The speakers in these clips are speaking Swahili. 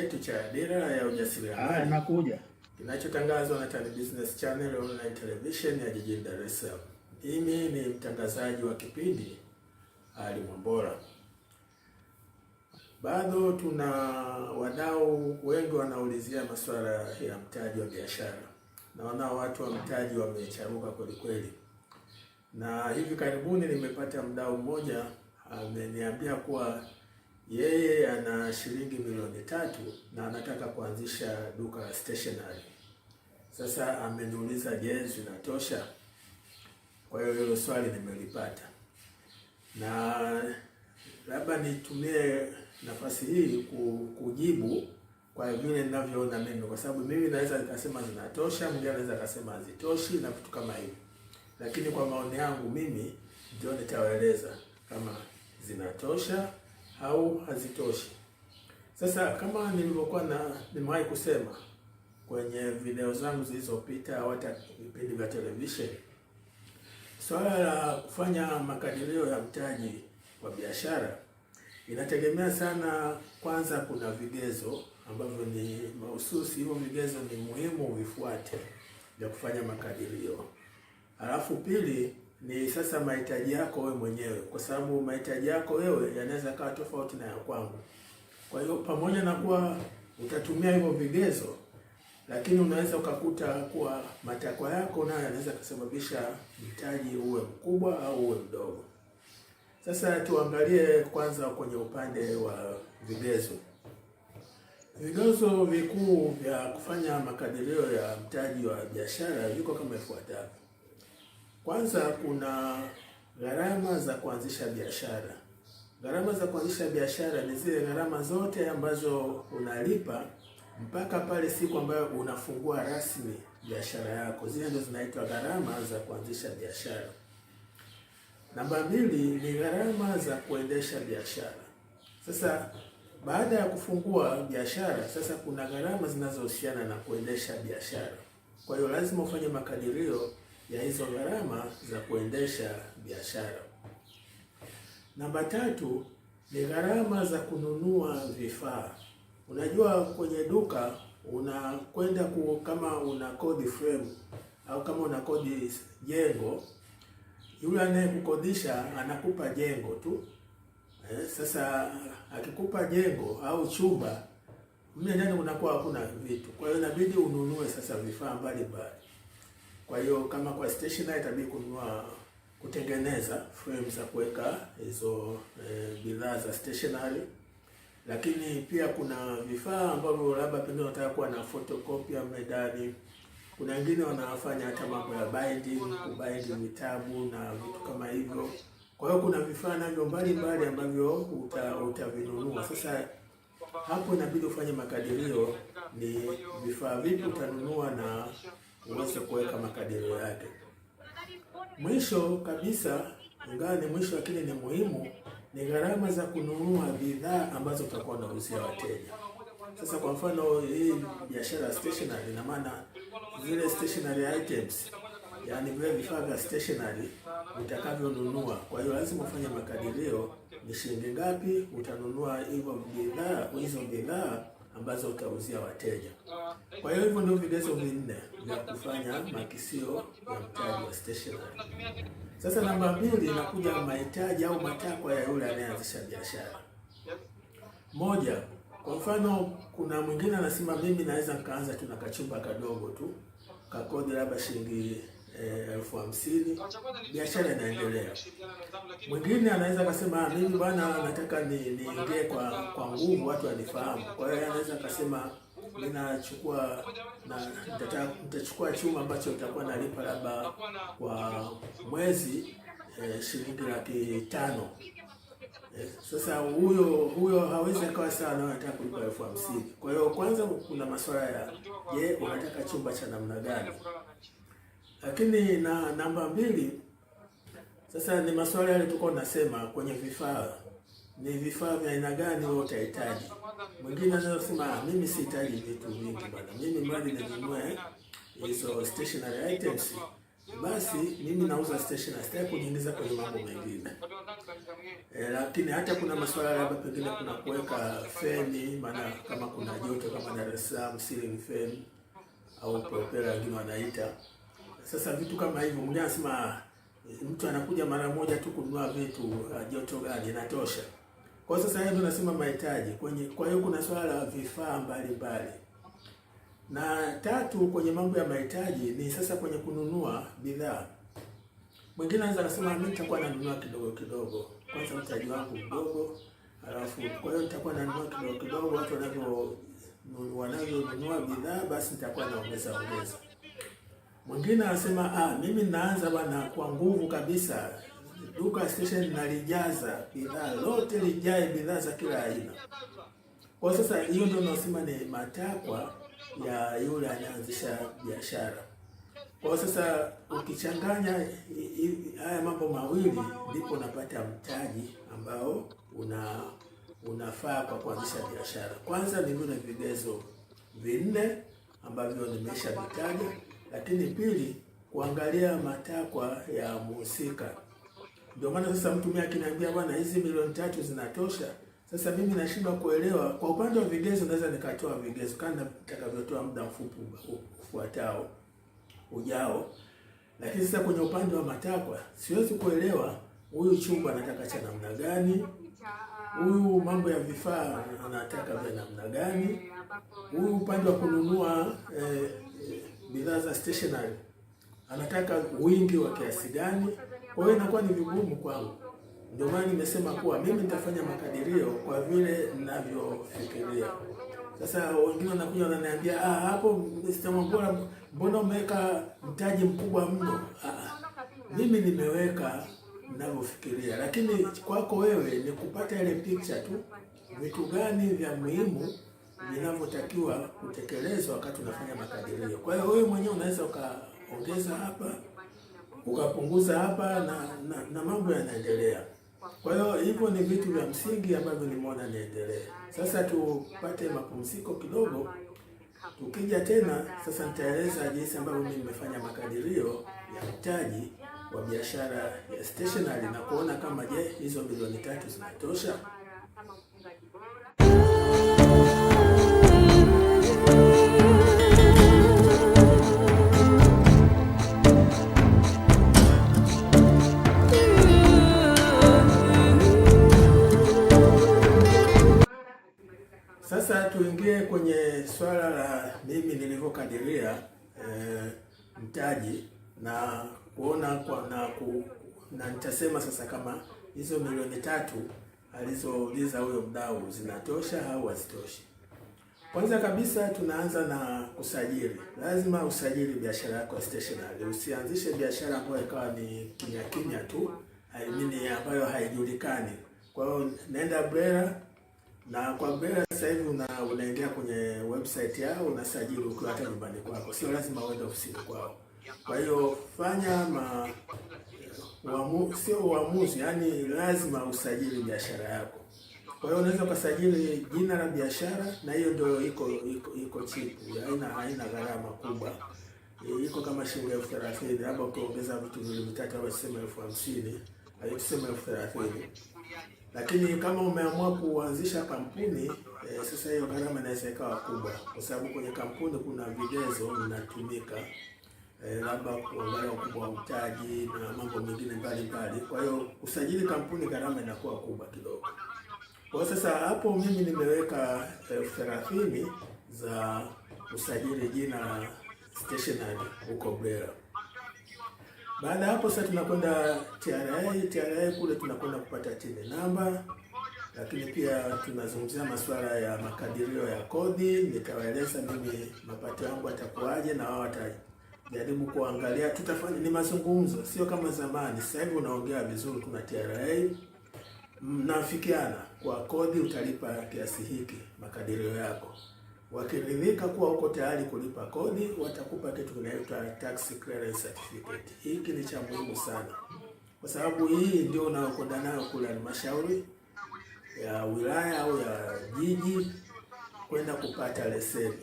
chetu cha Dira ya Ujasiriamali nakuja kinachotangazwa na Tan Business Channel online television ya jijini Dar es Salaam. Mimi ni mtangazaji wa kipindi Ali Mwambola. Bado tuna wadau wengi wanaulizia masuala ya mtaji wa biashara. Naona watu wa mtaji wamecharuka kwelikweli na hivi karibuni nimepata mdau mmoja ameniambia kuwa yeye ana shilingi milioni tatu na anataka kuanzisha duka la stationery. Sasa ameniuliza je, zinatosha? Kwa hiyo hilo swali nimelipata, na labda nitumie nafasi hii kujibu kwa vile ninavyoona mimi, kwa sababu mimi naweza nikasema zinatosha, mwingine anaweza akasema hazitoshi na vitu kama hivyo, lakini kwa maoni yangu mimi ndio nitawaeleza kama zinatosha au hazitoshi. Sasa kama nilivyokuwa na nimewahi kusema kwenye video zangu zilizopita au hata vipindi vya televisheni, swala la kufanya makadirio ya mtaji wa biashara inategemea sana. Kwanza, kuna vigezo ambavyo ni mahususi, hivyo vigezo ni muhimu vifuate vya kufanya makadirio, alafu pili ni sasa mahitaji yako wewe mwenyewe, kwa sababu mahitaji yako wewe yanaweza kawa tofauti na ya kwangu. Kwa hiyo pamoja na kuwa utatumia hivyo vigezo, lakini unaweza ukakuta kuwa matakwa yako nayo yanaweza kusababisha mtaji uwe mkubwa au uwe mdogo. Sasa tuangalie kwanza kwenye upande wa vigezo. Vigezo vikuu vya kufanya makadirio ya mtaji wa biashara viko kama ifuatavyo. Kwanza kuna gharama za kuanzisha biashara. Gharama za kuanzisha biashara ni zile gharama zote ambazo unalipa mpaka pale siku ambayo unafungua rasmi biashara yako, zile ndio zinaitwa gharama za kuanzisha biashara. Namba mbili ni gharama za kuendesha biashara. Sasa baada ya kufungua biashara, sasa kuna gharama zinazohusiana na kuendesha biashara. Kwa hiyo lazima ufanye makadirio ya hizo gharama za kuendesha biashara. Namba tatu ni gharama za kununua vifaa. Unajua, kwenye duka unakwenda ku, kama una kodi frame au kama una kodi jengo, yule anayekukodisha anakupa jengo tu eh. Sasa akikupa jengo au chumba, mle ndani unakuwa hakuna vitu, kwa hiyo inabidi ununue sasa vifaa mbalimbali kwa hiyo kama kwa stationery itabidi kununua kutengeneza frame za kuweka hizo e, bidhaa za stationery, lakini pia kuna vifaa ambavyo labda pengine wanataka kuwa na photocopy ya medali. Kuna wengine wanafanya hata mambo ya binding, kubind vitabu na vitu kama hivyo. Kwa hiyo kuna vifaa navyo mbalimbali ambavyo utavinunua uta sasa hapo inabidi ufanye makadirio, ni vifaa vipi utanunua na uweze kuweka makadirio yake. Mwisho kabisa, ingawa ni mwisho lakini ni muhimu, ni gharama za kununua bidhaa ambazo utakuwa unauzia wateja. Sasa kwa mfano hii biashara ya stationery, ina maana zile stationery items, yaani vile vifaa vya stationery vitakavyonunua. Kwa hiyo lazima ufanye makadirio, ni shilingi ngapi utanunua hizo bidhaa, hizo bidhaa ambazo utauzia wateja. Ah, kwa hiyo hivyo ndio vigezo vinne vya kufanya makisio ya mtaji wa stationery. Sasa namba mbili inakuja mahitaji au matakwa ya yule anayeanzisha biashara. Moja, kwa mfano kuna mwingine anasema mimi naweza nikaanza tu na kachumba kadogo tu kakodi labda shilingi Eh, elfu hamsini, biashara inaendelea. Mwingine anaweza akasema mimi bwana, nataka niingie kwa kwa nguvu, watu wanifahamu. Kwa hiyo anaweza akasema ninachukua nitachukua chuma ambacho nitakuwa nalipa labda kwa mwezi eh, shilingi laki tano. Eh, sasa huyo huyo hawezi akawa sawa na anataka kulipa elfu hamsini. Kwa hiyo kwanza kuna masuala ya je, unataka chumba cha namna gani? Lakini na namba mbili, sasa ni maswali yale tuko nasema kwenye vifaa, ni vifaa vya aina gani wewe utahitaji. Mwingine anaweza kusema ah, mimi sihitaji vitu vingi bwana, mimi mradi ninunue hizo stationary items basi mimi nauza stationery, sitaki kujiingiza kwenye mambo mengine e. Lakini hata kuna masuala labda pengine kuna kuweka feni, maana kama kuna joto kama Dar es Salaam ceiling fan au propeller wengine wanaita sasa vitu kama hivyo, mwenyewe anasema eh, mtu anakuja mara moja tu kununua vitu eh, joto gari inatosha. Kwa hiyo sasa ndio nasema mahitaji kwenye, kwa hiyo kuna swala la vifaa mbalimbali, na tatu kwenye mambo ya mahitaji ni sasa kwenye kununua bidhaa. Mwingine anaweza kusema mimi nitakuwa nanunua kidogo kidogo, kwanza mtaji wangu mdogo, alafu kwa hiyo nitakuwa nanunua kidogo kidogo, watu wanavyo wanavyonunua bidhaa, basi nitakuwa naongeza ongeza Mwingine anasema ah, mimi naanza bana kwa nguvu kabisa, duka station nalijaza bidhaa lote lijae bidhaa za kila aina. Kwa sasa hiyo ndio nasema ni matakwa ya yule anaanzisha biashara. Kwa sasa ukichanganya haya mambo mawili ndipo unapata mtaji ambao una unafaa kwa kuanzisha biashara. Kwanza ni vile vigezo vinne ambavyo vitaja lakini pili, kuangalia matakwa ya muhusika. Ndio maana sasa mtu mimi akiniambia bwana, hizi milioni tatu zinatosha, sasa mimi nashindwa kuelewa. Kwa upande wa vigezo, naweza nikatoa vigezo kana nitakavyotoa muda mfupi ufuatao ujao, lakini sasa kwenye upande wa matakwa siwezi kuelewa huyu chumba anataka cha namna gani, huyu mambo ya vifaa anataka vya namna gani, huyu upande wa kununua eh, bidhaa za stationery, anataka wingi wa kiasi gani. Kwa hiyo inakuwa ni vigumu kwangu, ndio maana nimesema kuwa mimi nitafanya makadirio kwa vile ninavyofikiria. Sasa wengine wanakuja wananiambia, ah, hapo bora, mbona umeweka mtaji mkubwa mno? Ah, ah, mimi nimeweka ninavyofikiria, lakini kwako wewe ni kupata ile picha tu, vitu gani vya muhimu vinavyotakiwa kutekelezwa wakati unafanya makadirio. Kwa hiyo wewe mwenyewe unaweza ukaongeza hapa ukapunguza hapa na, na, na mambo yanaendelea. Kwa hiyo hivyo ni vitu vya msingi ambavyo nimeona niendelee. Sasa tupate mapumziko kidogo, tukija tena sasa nitaeleza jinsi ambavyo mimi nimefanya makadirio ya mtaji wa biashara ya stationery na kuona kama je, hizo milioni tatu zinatosha. walivyokadiria eh, mtaji na kuona kwa na, ku, na nitasema sasa kama hizo milioni tatu alizouliza huyo mdau zinatosha au hazitoshi. Kwanza kabisa tunaanza na usajili. Lazima usajili biashara yako stationary. Usianzishe biashara ambayo ikawa ni kimya kimya tu, I mean ambayo haijulikani. Kwa hiyo nenda BRELA na kwa mbele sasa hivi una, unaingia kwenye website yao unasajili ukiwa hata nyumbani kwako, sio lazima uende ofisini kwao. Kwa hiyo fanya ma uamu, sio uamuzi, yani lazima usajili biashara yako. Kwa hiyo unaweza ukasajili jina la biashara, na hiyo ndio iko iko iko chipu, haina haina gharama kubwa, iko kama shilingi elfu thelathini labda ukiongeza vitu vile vitatu au sema elfu hamsini tuseme elfu thelathini lakini kama umeamua kuanzisha kampuni eh, sasa hiyo gharama inaweza ikawa kubwa, kwa sababu kwenye kampuni kuna vigezo vinatumika, eh, labda kuangalia ukubwa wa mtaji na mambo mengine mbalimbali. Kwa hiyo usajili kampuni gharama inakuwa kubwa kidogo. Kwa sasa hapo mimi nimeweka elfu thelathini za usajili jina stationery huko BRELA. Baada ya hapo sasa tunakwenda TRA. TRA kule tunakwenda kupata chini namba, lakini pia tunazungumzia masuala ya makadirio ya kodi. Nitawaeleza mimi mapato yangu atakuwaje, na wao watajaribu kuangalia, tutafanya ni mazungumzo, sio kama zamani. Sasa hivi unaongea vizuri, kuna TRA mnafikiana kwa kodi utalipa kiasi hiki, makadirio yako Wakiridhika kuwa uko tayari kulipa kodi, watakupa kitu kinaitwa tax clearance certificate. Hiki ni cha muhimu sana, kwa sababu hii ndio unayokwenda nayo kule halmashauri ya wilaya au ya jiji kwenda kupata leseni.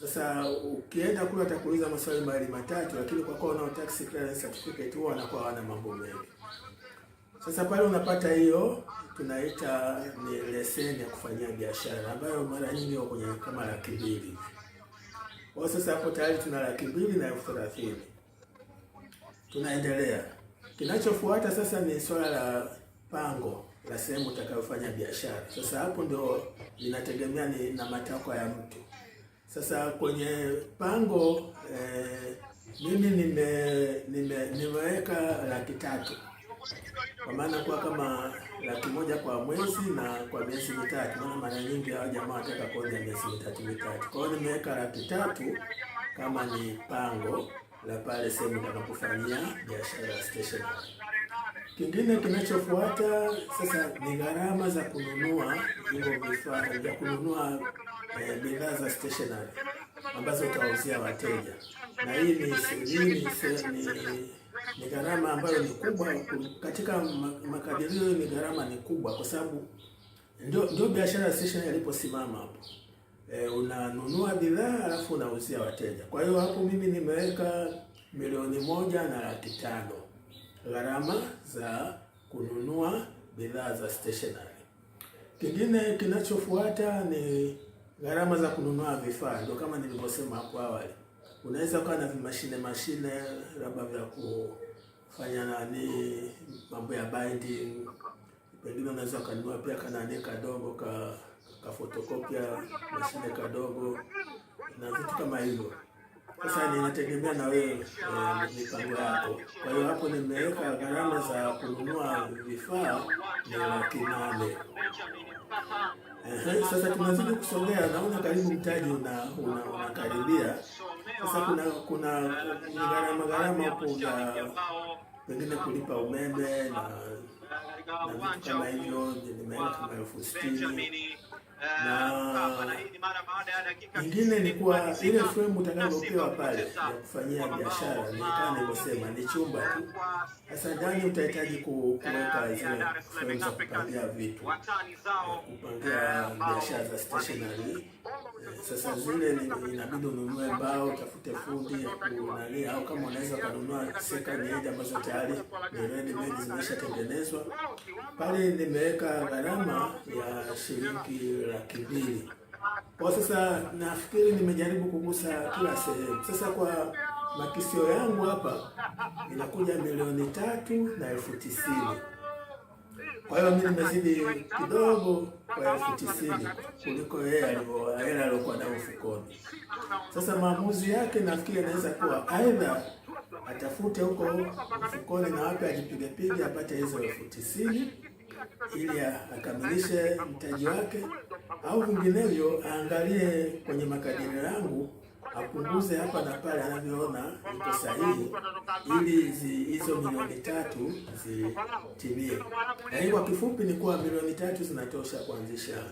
Sasa ukienda kule atakuuliza maswali mbali matatu, lakini kwa kuwa unao tax clearance certificate huwa wanakuwa wana mambo mengi. Sasa pale unapata hiyo tunaita ni leseni ya kufanyia biashara ambayo mara nyingi kwenye kama laki mbili. Kwa sasa hapo tayari tuna laki mbili na elfu thelathini. Tunaendelea. Kinachofuata sasa ni swala la pango la sehemu utakayofanya biashara. Sasa hapo ndio inategemea ni na matakwa ya mtu. Sasa kwenye pango eh, mimi nime, nime, nimeweka laki tatu kwa maana kuwa kama laki moja kwa mwezi na kwa miezi mitatu, maana mara nyingi hao jamaa wataka kuoja miezi mitatu mitatu. Kwa hiyo nimeweka laki tatu kama ni pango la pale sehemu nitakapofanyia biashara ya stationery. Kingine kinachofuata sasa ni gharama za kununua hivyo vifaa vya kununua eh, bidhaa za stationery ambazo utawauzia wateja, na hii ni ni gharama ambayo ni kubwa katika makadirio, ni gharama ni kubwa kwa sababu ndio ndio biashara station yaliposimama hapo. E, unanunua bidhaa alafu unauzia wateja. Kwa hiyo hapo mimi nimeweka milioni moja na laki tano gharama za kununua bidhaa za stationery. Kingine kinachofuata ni gharama za kununua vifaa, ndio kama nilivyosema hapo awali unaweza ukawa na mashine mashine labda vya kufanya nani mambo ya binding, pengine unaweza ukanunua pia kanani kadogo ka kafotokopia mashine kadogo na vitu kama hivyo. Sasa ninategemea na wewe eh, mipango yako. Kwa hiyo hapo nimeweka gharama za kununua vifaa ni laki nane. Sasa tunazidi kusogea, naona karibu mtaji unakaribia una, una sasa kuna kuna gharama gharama hapo za pengine kulipa umeme na na vitu kama hivyo, nimeweka kama elfu sitini eh, na nyingine ni kuwa ile fremu utakayopewa pale ya kufanyia biashara, ni kama nilivyosema, ni chumba tu. Eh, sasa ndani utahitaji kuweka eh, zile fremu za kupangia vitu, kupangia biashara za stationery sasa zile inabidi ununue mbao, utafute fundi unani, au kama unaweza kununua seka nyeja ambazo tayari readymade zimeshatengenezwa. Pale nimeweka gharama ya shilingi laki mbili. Kwa sasa nafikiri nimejaribu kugusa kila sehemu. Sasa kwa makisio yangu hapa inakuja milioni tatu na elfu tisini. Kwa hiyo mimi nimezidi kidogo kwa elfu tisini kuliko yeye hela aliyokuwa nayo mfukoni. Sasa maamuzi yake nafikiri anaweza kuwa aidha atafute huko mfukoni na wapi ajipigepige apate hizo elfu tisini ili akamilishe mtaji wake, au vinginevyo aangalie kwenye makadirio yangu apunguze hapa na pale anavyoona iko sahihi, ili hizo milioni tatu zitimie. Lakini kwa kifupi ni kuwa milioni tatu zinatosha kuanzisha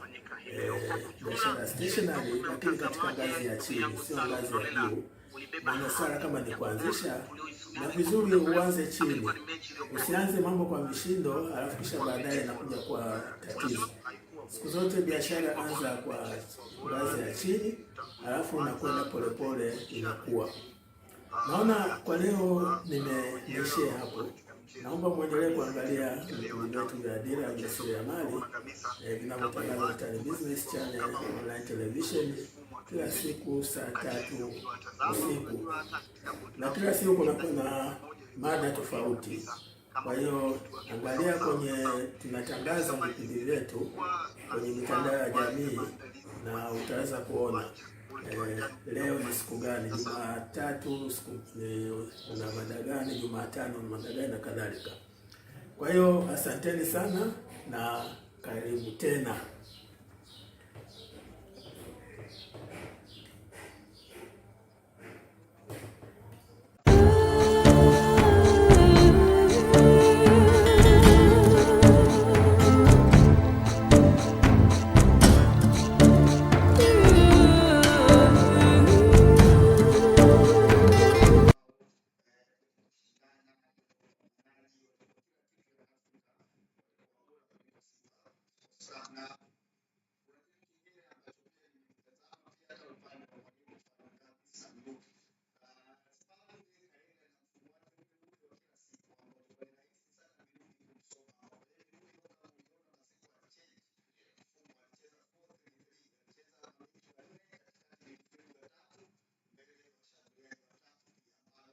eh, biashara stationary, lakini katika ngazi ya chini, sio ngazi ya juu. sara kama ni kuanzisha na vizuri, uanze chini, usianze mambo kwa mishindo alafu kisha baadaye inakuja kuwa tatizo. Siku zote biashara anza kwa ngazi ya chini, alafu unakwenda polepole inakuwa. Naona kwa leo nimeishia hapo. Naomba mwendelee kuangalia vipindi vyetu vya Dira ya Ujasiriamali eh, vinavyotangaza Mtaani Business Channel online television kila siku saa tatu usiku, na kila siku kuna mada tofauti. Kwa hiyo angalia kwenye tunatangaza vipindi vyetu kwenye mitandao ya jamii na utaweza kuona eh, leo ni siku gani, Jumatatu siku eh, na mada gani, Jumatano mada gani na kadhalika. Kwa hiyo asanteni sana na karibu tena. now.